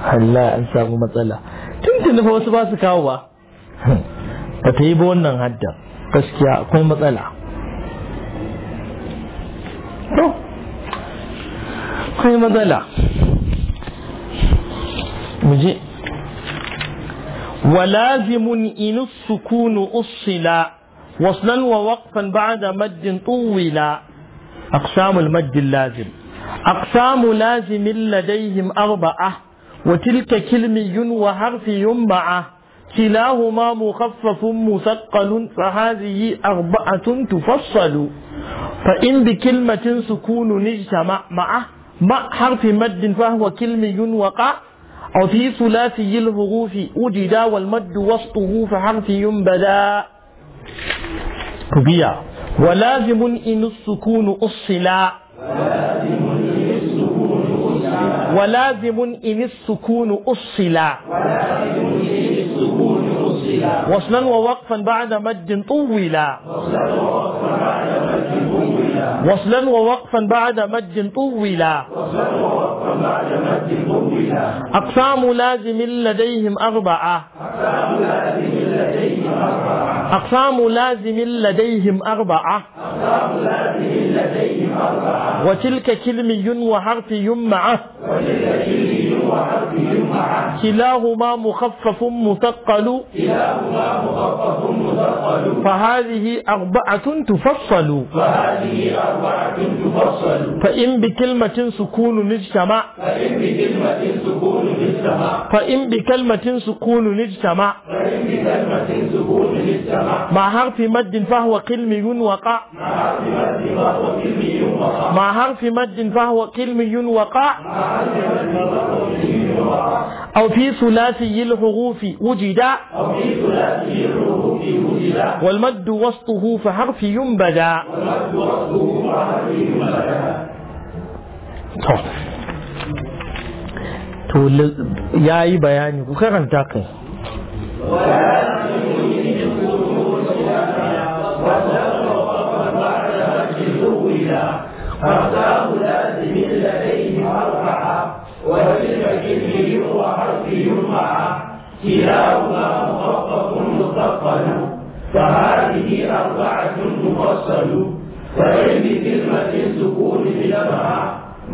هلا ان سامو مساله تمتن فو سبا سكاوا فتيبو ونن بس كي كوي مساله كوي مساله مجي ولازم ان السكون اصلا وصلا ووقفا بعد مد طولا اقسام المد اللازم اقسام لازم لديهم اربعه وتلك كلمي وحرفي يمع كلاهما مخفف مثقل فهذه أربعة تفصل فإن بكلمة سكون اجتمع معه مع حرف مد فهو كلمي وقع أو في ثلاثي الهروف وجد والمد وسطه فحرفي ينبدا ولازم إن السكون أصلا ولازم إن السكون أصلا وصلا ووقفا بعد مد طولا وصلا ووقفا بعد مد طولا أقسام لازم لديهم أربعة أقسام لازم لديهم أربعة أقسام لازم لديهم أربعة أقسام لازم لديهم أربعة وتلك كلمي وحرف يمعة وتلك كلمي وحرف يمعة كلاهما مخفف مثقل كلاهما مخفف مثقل فهذه أربعة تفصل فهذه أربعة تفصل فإن بكلمة سكون اجتمع فإن بكلمة سكون فإن بكلمة سكون اجتمع مع حرف مد فهو كلمي وقع مع حرف مد فهو كلمي وقع أو في ثلاثي الحروف وجد والمد وسطه فحرف ينبدا والمد وسطه فحرف ينبدا يا ya yi bayani ku karanta kai لازم لديه مرفعا وبالمجد يروى حرف جمعة كلاهما مخفف مثقل فهذه أربعة مفصل فإن كلمة السكون بلمعا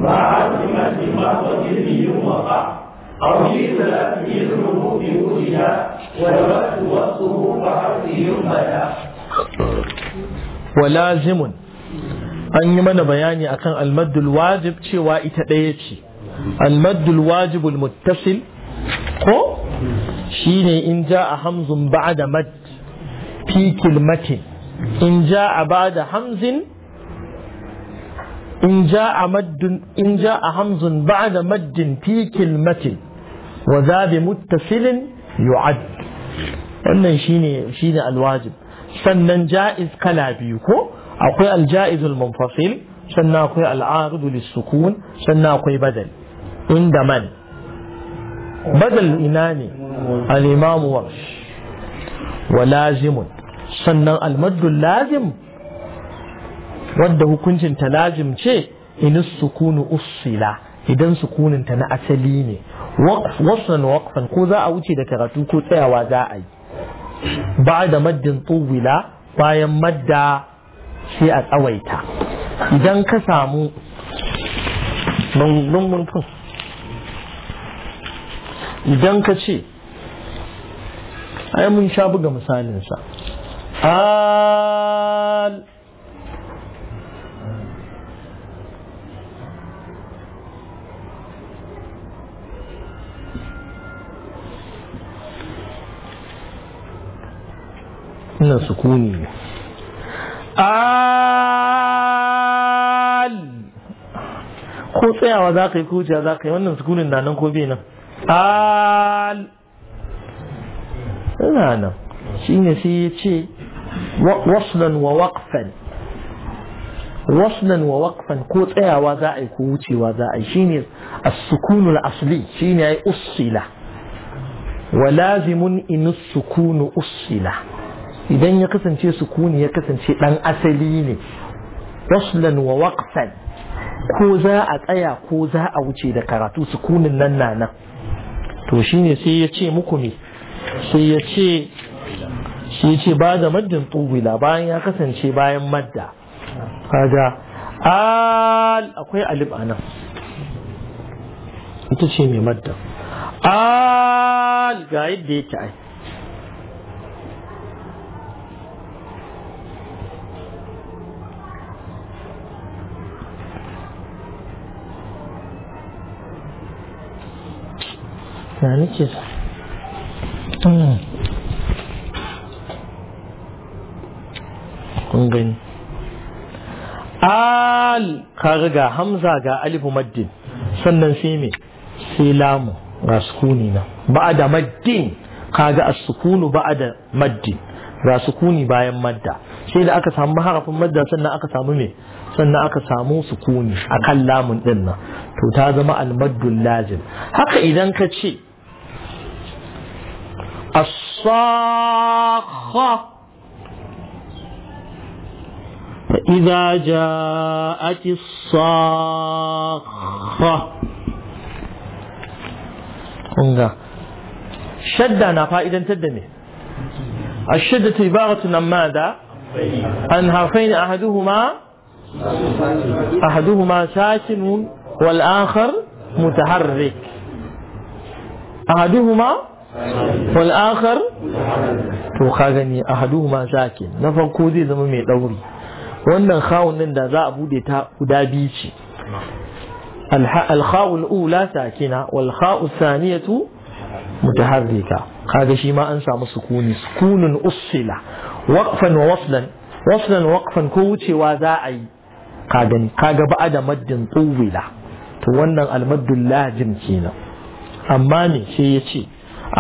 وعزمت مقدر يومها أرجيت في الربوط وجها وجبت والصروف حتى يومها ولازم أن يمن بياني أكن المد الواجب شوى إتدايتي المد الواجب المتصل هو شيني إن جاء حمز بعد مد في كلمة إن جاء بعد حمز إن جاء مد إن جاء همز بعد مد في كلمة وذا بمتصل يعد أن شيني شيني الواجب سنن جائز كلابيكو أقول الجائز المنفصل سنن أقول العارض للسكون سنن أقول بدل عند من بدل إناني الإمام ورش ولازم سنن المد اللازم wadda hukuncin ta lazim ce inis sukunu ussila idan sukunin ta na asali ne wasan waqfan ko za a wuce da karatu ko tsayawa za a yi ba da maddin tuwila bayan madda sai a tsawaita idan ka samu idan ka ce ai mun sha buga misalinsa al wannan sukuni ne al ko tsayawa za ka yi ko za ka yi wannan sukunin na nan ko bai nan al ina nan shi ne sai ya ce waslan wa waqfan waslan wa waqfan ko tsayawa za a yi ko wucewa za a yi shi ne a sukunin asli shine ay usila wa lazimun in as-sukunu usila idan ya kasance sukuni ya kasance ɗan asali ne waslan wa waqfan ko za a tsaya ko za a wuce da karatu sukunin nan na nan to shine sai ya ce muku ne. sai ya ce shi ce ba da maddin tubila bayan ya kasance bayan madda kaga al akwai alif anan ita ce mai madda al ga yadda yake ai ya nake sa kun al kaga ga hamza ga alifu maddin sannan sai me sai lamu ga sukuni na ba'ada maddin kaga a sukunu ba'ada maddin ga sukuni bayan madda sai da aka samu harafin madda sannan aka samu me sannan aka samu sukuni akan lamun din nan to ta zama al-maddul lazim haka idan ka ce الصاخة فإذا جاءت الصاخة قنقا شدة أنا فائدة تدمي الشدة عبارة عن ماذا؟ عن حرفين أحدهما أحدهما ساكن والآخر متحرك أحدهما wal'akar to ka gani a hadu ma zaki na farko zai zama mai ɗauri wannan nin da za a bude ta guda biyu ce alhawun ula sakina walhawun saniyatu mutaharrika kaga shi ma an samu sukuni sukunin usila waqfan wa waslan waqfan ko wucewa za a yi kaga ni kaga ba a da maddin tsuwila to wannan almaddun lajim kenan amma ne sai ya ce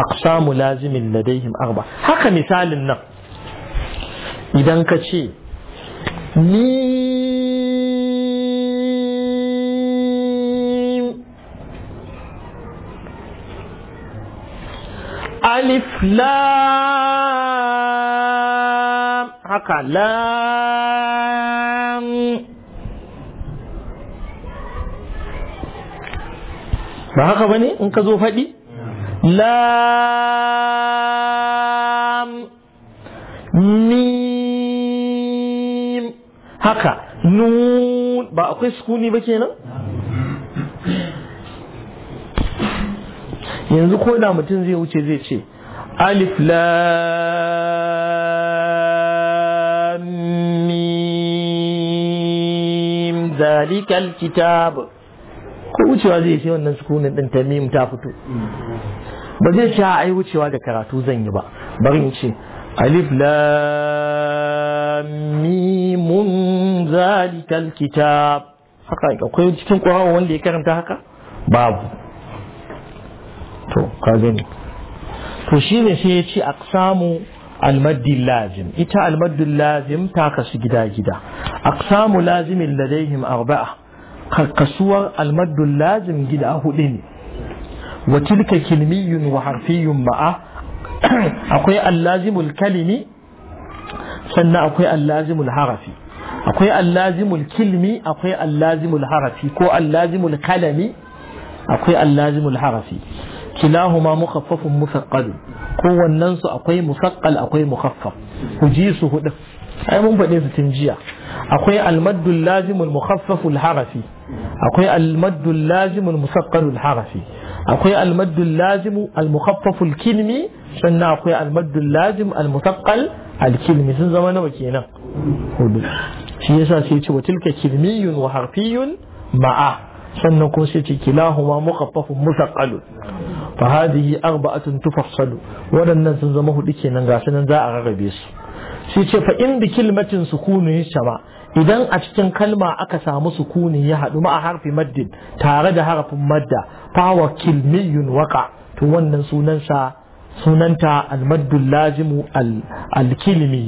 aqsamu lazimin ladaihim arba haka misalin nan idan ka ce ni alif lam haka lam ba haka bane in ka zo faɗi mim haka nun ba akwai sukuni ba kenan, yanzu ko da mutum zai wuce zai ce alif lam mim zalikal kitab ko wucewa zai ce wannan sukunin din tamim ta fito ba zai a ai wucewa da karatu zan yi ba bari in ce alif mun zalikal kitab haka akwai cikin qur'ani wanda ya karanta haka babu to ka gani to ne sai ya ce aqsamu lazim ita almaddi lazim ta kasu gida gida aqsamu lazimin ladaihim arba'a kasuwar almaddi lazim gida hudu ne وتلك كلمي وحرفي مع أقوي اللازم الكلمي سنة أقوي اللازم الحرفي أقوي اللازم الكلمي أقوي اللازم الحرفي كو اللازم الكلمي أقوي اللازم الحرفي كلاهما مخفف مثقل كو الننس أقوي مثقل أقوي مخفف وجيس ده أي من بدي تنجيا أقوي المد اللازم المخفف الحرفي akwai almaddul lazimul musakkarul harafi akwai almaddul lazimu almukhaffaful kilmi sannan akwai almaddul lazim almusakkal alkilmi sun zama nawa kenan hudu shi yasa sai ce wa tilka kilmiyun wa harfiyun ma'a sannan kuma sai ce kilahuma mukhaffafun musakkalun fa hadhihi arba'atun tufassalu waɗannan sun zama hudu kenan ga nan za a rarrabe su sai ce fa in bi kilmatin sukunu yashma idan a cikin kalma aka samu sukuni ya haɗu ma a harfi maddin tare da harafin madda fawa kilmiyun waka to wannan sunansa sunanta almaddul lazimu alkilmi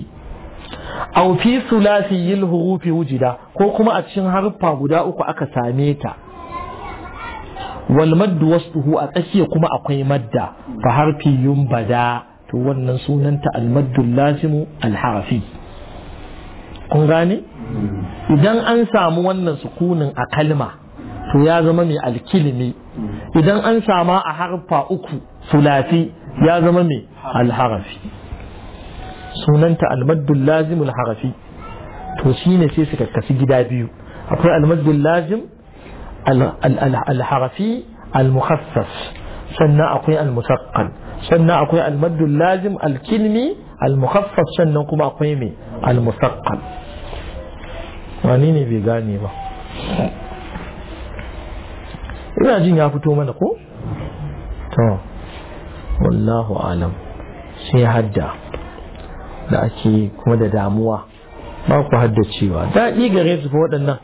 aw fi sulasiyil hurufi wujida ko kuma a cikin harfa guda uku aka same ta wal maddu wasduhu a tsakiya kuma akwai madda fa harfi yun to wannan sunanta almaddul lazimu alharafi kun gane idan an samu wannan sukunin a kalma to ya zama mai alkilimi idan an sama a harfa uku sulafi ya zama mai alharafi sunanta almaddul lazim alharafi to shine sai suka kasu gida biyu akwai almaddul lazim alharafi almukhassas sannan akwai almusaqqal sannan akwai almaddul lazim alkilimi المخفف sannan كما قيمي المثقل wani ne bai gane ba ina jin ya fito mana ko to wallahu alam sai hadda da ake kuma da damuwa ba ku haddacewa daɗi gare su fa waɗannan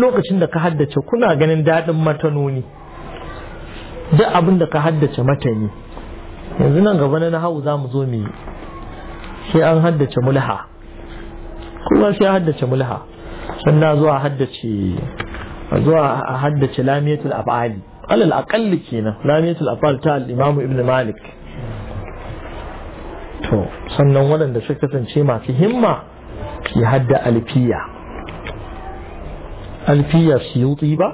lokacin da ka haddace kuna ganin daɗin matanoni Da abin da ka haddace matani yanzu nan gaba na hau za mu zo mu sai an haddace mulha kuma sai haddace mulha sannan zuwa haddace zuwa haddace lamiyatul af'ali alal aqall kenan lamiyatul af'al ta al-imam ibn malik to sannan waɗanda suka kasance masu himma ya hadda alfiya alfiya siyuti ba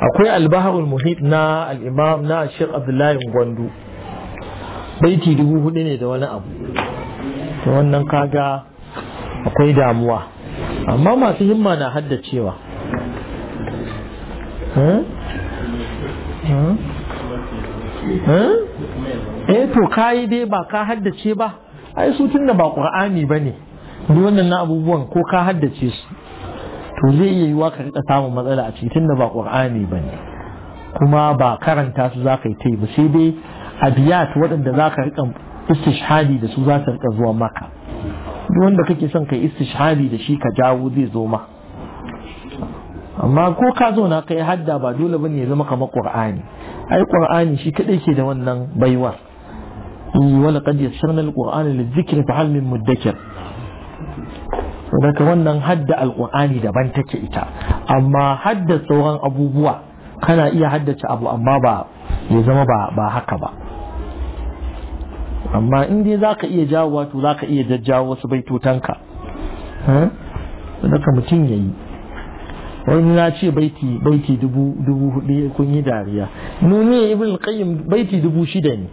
akwai albaharul muhit na al-imam na Sheikh Abdullahi Gwandu baiti dubu hudu ne da wani abu wannan kaga akwai damuwa amma masu himma na haddacewa eh, eh? eh? eh to kayi dai ba ka haddace ba ai su tunda ba qur'ani bane duk wannan na abubuwan ko ka haddace su to zai iya yiwa ka rika samun matsala a cikin da ba qur'ani bane kuma ba karanta su za ka yi ta yi ba sai dai abiyat waɗanda za ka rika istishhadi da su za rika zuwa maka duk wanda kake son kai istishhadi da shi ka jawo zai zo ma amma ko ka zauna kai hadda ba dole bane ya zama kamar qur'ani ai qur'ani shi kadai ke da wannan baiwar eh, wala qad yassarna alqur'ana lidhikri fa hal min mudakkir saboda wannan hadda alqur'ani daban take ita amma hadda sauran abubuwa kana iya haddace abu amma ba ya zama ba haka ba amma in dai za ka iya jawowa to ka iya jajjawo wasu baitotanka eh? daga mutum ya yi wani na ce baiti baiti dubu dubu hudu kun yi dariya nuni ibn qayyim baiti dubu shida ne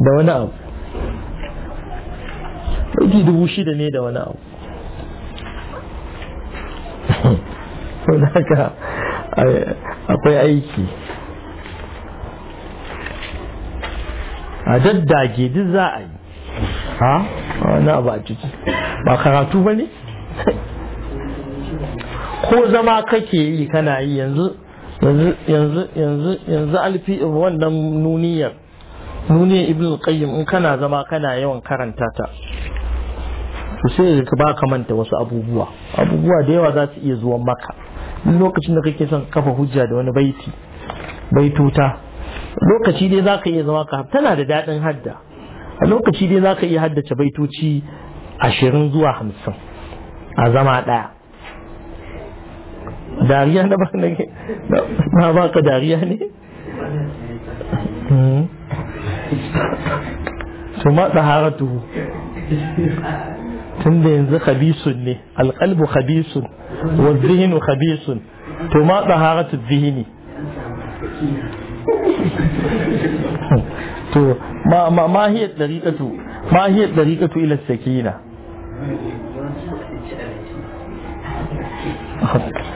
da wani abu baiti dubu shida ne da wani abu saboda haka akwai aiki a daddage duk za a yi ha wani abu a ciki ba karatu ba ne ko zama kake yi kana yi yanzu yanzu yanzu yanzu alfi wannan nuniyar nuniyar ibn qayyim in kana zama kana yawan karanta ta to sai ka ba ka manta wasu abubuwa abubuwa da yawa za su iya zuwa maka lokacin da kake son kafa hujja da wani baiti baituta lokaci dai za ka iya zama ka tana da daɗin hadda a lokaci dai za ka iya haddace baitoci ashirin zuwa hamsin a zama ɗaya dariya na ba na ba ka dariya ne hmm. to ma tsaharatu tun da yanzu khabisun ne alƙalbu khabisun wa zihinu khabisun to ma tsaharatu zihini to ma ma ma hiyat dariqatu ma hiyat dariqatu ila sakina